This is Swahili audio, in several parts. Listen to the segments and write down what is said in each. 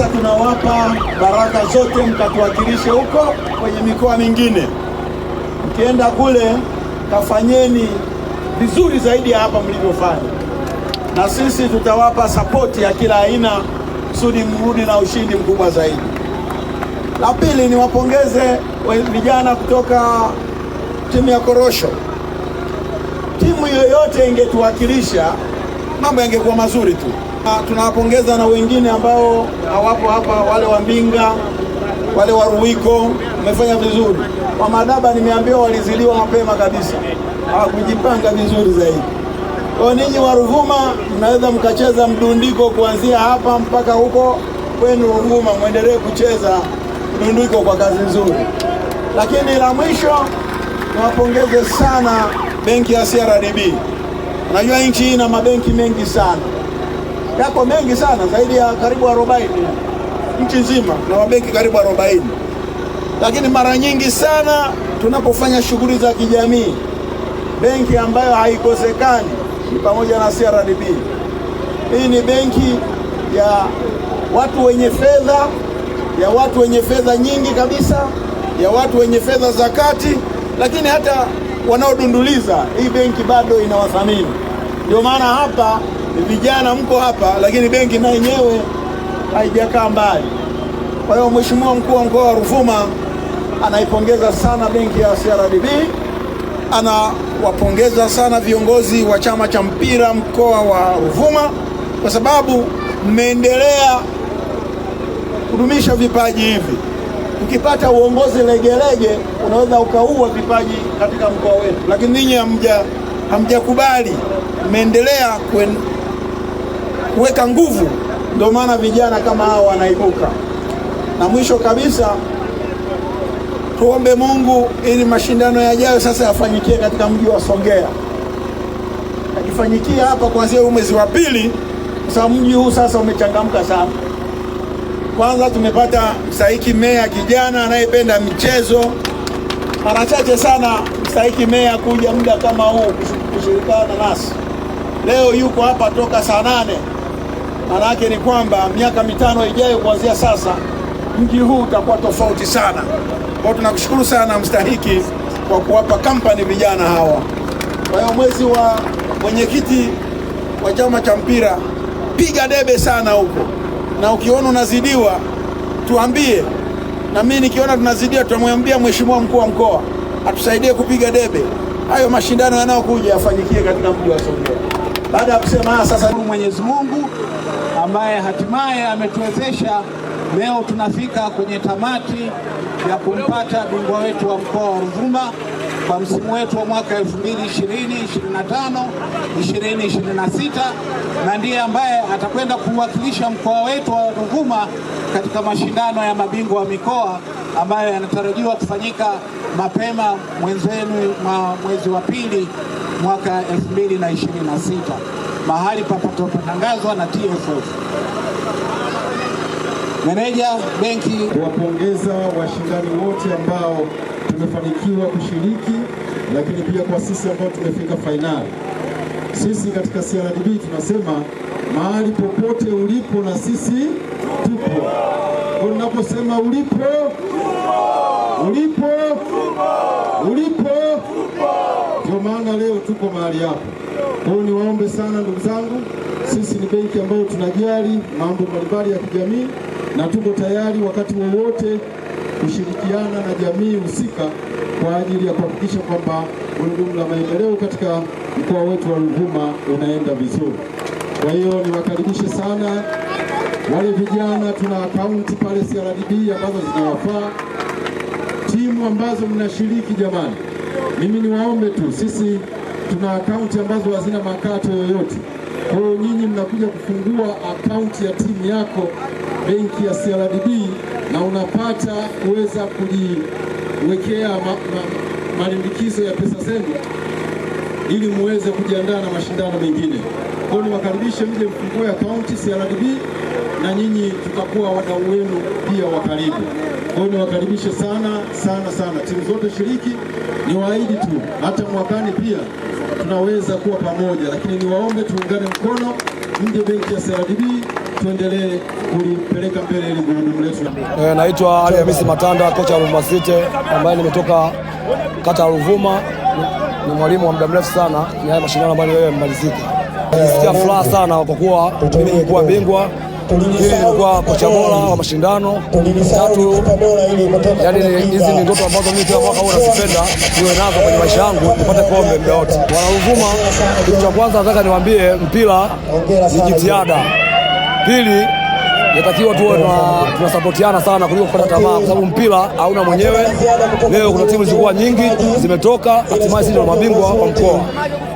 sasa tunawapa baraka zote mkatuwakilishe huko kwenye mikoa mingine. Mkienda kule kafanyeni vizuri zaidi ya hapa mlivyofanya, na sisi tutawapa sapoti ya kila aina kusudi mrudi na ushindi mkubwa zaidi. La pili, niwapongeze vijana kutoka timu ya korosho. Timu yoyote ingetuwakilisha mambo yangekuwa mazuri tu tunawapongeza na wengine ambao hawapo hapa, wale wa Mbinga, wale wa Ruwiko, wamefanya vizuri. Kwa Madaba nimeambiwa waliziliwa mapema kabisa, hawakujipanga vizuri zaidi. Kwa ninyi wa Ruvuma mnaweza mkacheza mdundiko kuanzia hapa mpaka huko kwenu Ruvuma, mwendelee kucheza mdundiko kwa kazi nzuri. Lakini la mwisho niwapongeze sana benki ya CRDB. Najua nchi hii ina mabenki mengi sana yako mengi sana, zaidi ya karibu 40 nchi nzima, na mabenki karibu 40. Lakini mara nyingi sana tunapofanya shughuli za kijamii, benki ambayo haikosekani ni pamoja na CRDB. Hii ni benki ya watu wenye fedha, ya watu wenye fedha nyingi kabisa, ya watu wenye fedha za kati, lakini hata wanaodunduliza, hii benki bado inawathamini. Ndio maana hapa vijana mko hapa, lakini benki na yenyewe haijakaa mbali. Kwa hiyo Mheshimiwa Mkuu wa Mkoa wa Ruvuma anaipongeza sana benki ya CRDB, anawapongeza sana viongozi wa chama cha mpira mkoa wa Ruvuma kwa sababu mmeendelea kudumisha vipaji hivi. Ukipata uongozi legelege, unaweza ukaua vipaji katika mkoa wetu, lakini ninyi hamjakubali, mmeendelea kuweka nguvu. Ndio maana vijana kama hao wanaibuka. Na mwisho kabisa, tuombe Mungu ili mashindano yajayo sasa yafanyikie katika mji wa Songea, yakifanyikia hapa kuanzia huu mwezi wa pili, kwa sababu mji huu sasa umechangamka sana. Kwanza tumepata mstahiki meya kijana anayependa michezo. Mara chache sana mstahiki meya kuja muda kama huu kushirikiana nasi. Leo yuko hapa toka saa nane. Maana yake ni kwamba miaka mitano ijayo kuanzia sasa mji huu utakuwa tofauti sana. Kwa tunakushukuru sana mstahiki kwa kuwapa kampani vijana hawa. Kwa hiyo mwezi wa mwenyekiti wa chama cha mpira, piga debe sana huko, na ukiona unazidiwa tuambie, na mimi nikiona tunazidiwa tutamwambia mheshimiwa mkuu wa mkoa atusaidie kupiga debe hayo mashindano yanayokuja yafanyikie katika mji wa Songea. Baada ya kusema sasa, Mwenyezi Mungu ambaye hatimaye ametuwezesha leo tunafika kwenye tamati ya kumpata bingwa wetu wa mkoa wa Ruvuma kwa msimu wetu wa mwaka 2020 25 2026, na ndiye ambaye atakwenda kuwakilisha mkoa wetu wa Ruvuma katika mashindano ya mabingwa wa mikoa ambayo yanatarajiwa kufanyika mapema mwenzenu mwa mwezi wa pili mwaka 2026 mahali papatopatangazwa na TFF. Meneja benki kuwapongeza washindani wote ambao tumefanikiwa kushiriki, lakini pia kwa sisi ambao tumefika fainali. Sisi katika CRDB tunasema mahali popote ulipo na sisi tupo. Kwa ninaposema ulipo, ulipo, ulipo, ndio maana leo tuko mahali hapo. Kwa hiyo niwaombe sana ndugu zangu, sisi ni benki ambayo tunajali mambo mbalimbali ya kijamii na tuko tayari wakati wowote kushirikiana na jamii husika kwa ajili ya kuhakikisha kwamba gurudumu la maendeleo katika mkoa wetu wa Ruvuma unaenda vizuri. Kwa hiyo niwakaribishe sana wale vijana, tuna akaunti pale CRDB ambazo zinawafaa timu ambazo mnashiriki. Jamani, mimi niwaombe tu, sisi tuna akaunti ambazo hazina makato yoyote. Kwa hiyo nyinyi mnakuja kufungua akaunti ya timu yako benki ya CRDB na unapata kuweza kujiwekea malimbikizo ma, ma, ya pesa zenu ili muweze kujiandaa na mashindano mengine. Kwa hiyo niwakaribishe mje mfungue akaunti CRDB na nyinyi tutakuwa wadau wenu pia wa karibu. Kwa hiyo niwakaribishe sana sana sana timu zote shiriki, niwaahidi tu hata mwakani pia tunaweza kuwa pamoja, lakini niwaombe tuungane mkono, mje benki ya CRDB tuendelee kulipeleka mbele ili gurudumu letu. E, naitwa Ali Hamisi Matanda, kocha wa Ruvuma City ambaye nimetoka kata ya Ruvuma ni mwalimu wa muda mrefu sana, ni haya mashindano ambayo leo yamemalizika. Nisikia furaha sana kwa kuwa mimi nilikuwa bingwa ili nilikuwa kocha bora wa mashindano tatu. Yani hizi ni ndoto ambazo mimi kila mwaka huwa nazipenda niwe nazo kwenye maisha yangu, nipate kombe muda wote. Wanauvuma, kitu cha kwanza nataka niwaambie, mpira ni jitihada. Pili, yatakiwa tuwe tunasapotiana sana kuliko kukata tamaa, kwa sababu mpira hauna mwenyewe. Leo kuna timu zilikuwa nyingi zimetoka, hatimaye sisi ndio mabingwa wa mkoa.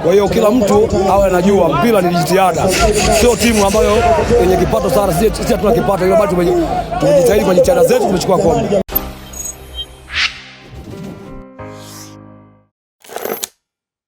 Kwa hiyo kila mtu awe anajua mpira ni jitihada, sio timu ambayo yenye kipato sana. Sisi hatuna kipato, ila bado tumejitahidi kwa jitihada zetu, tumechukua kombe.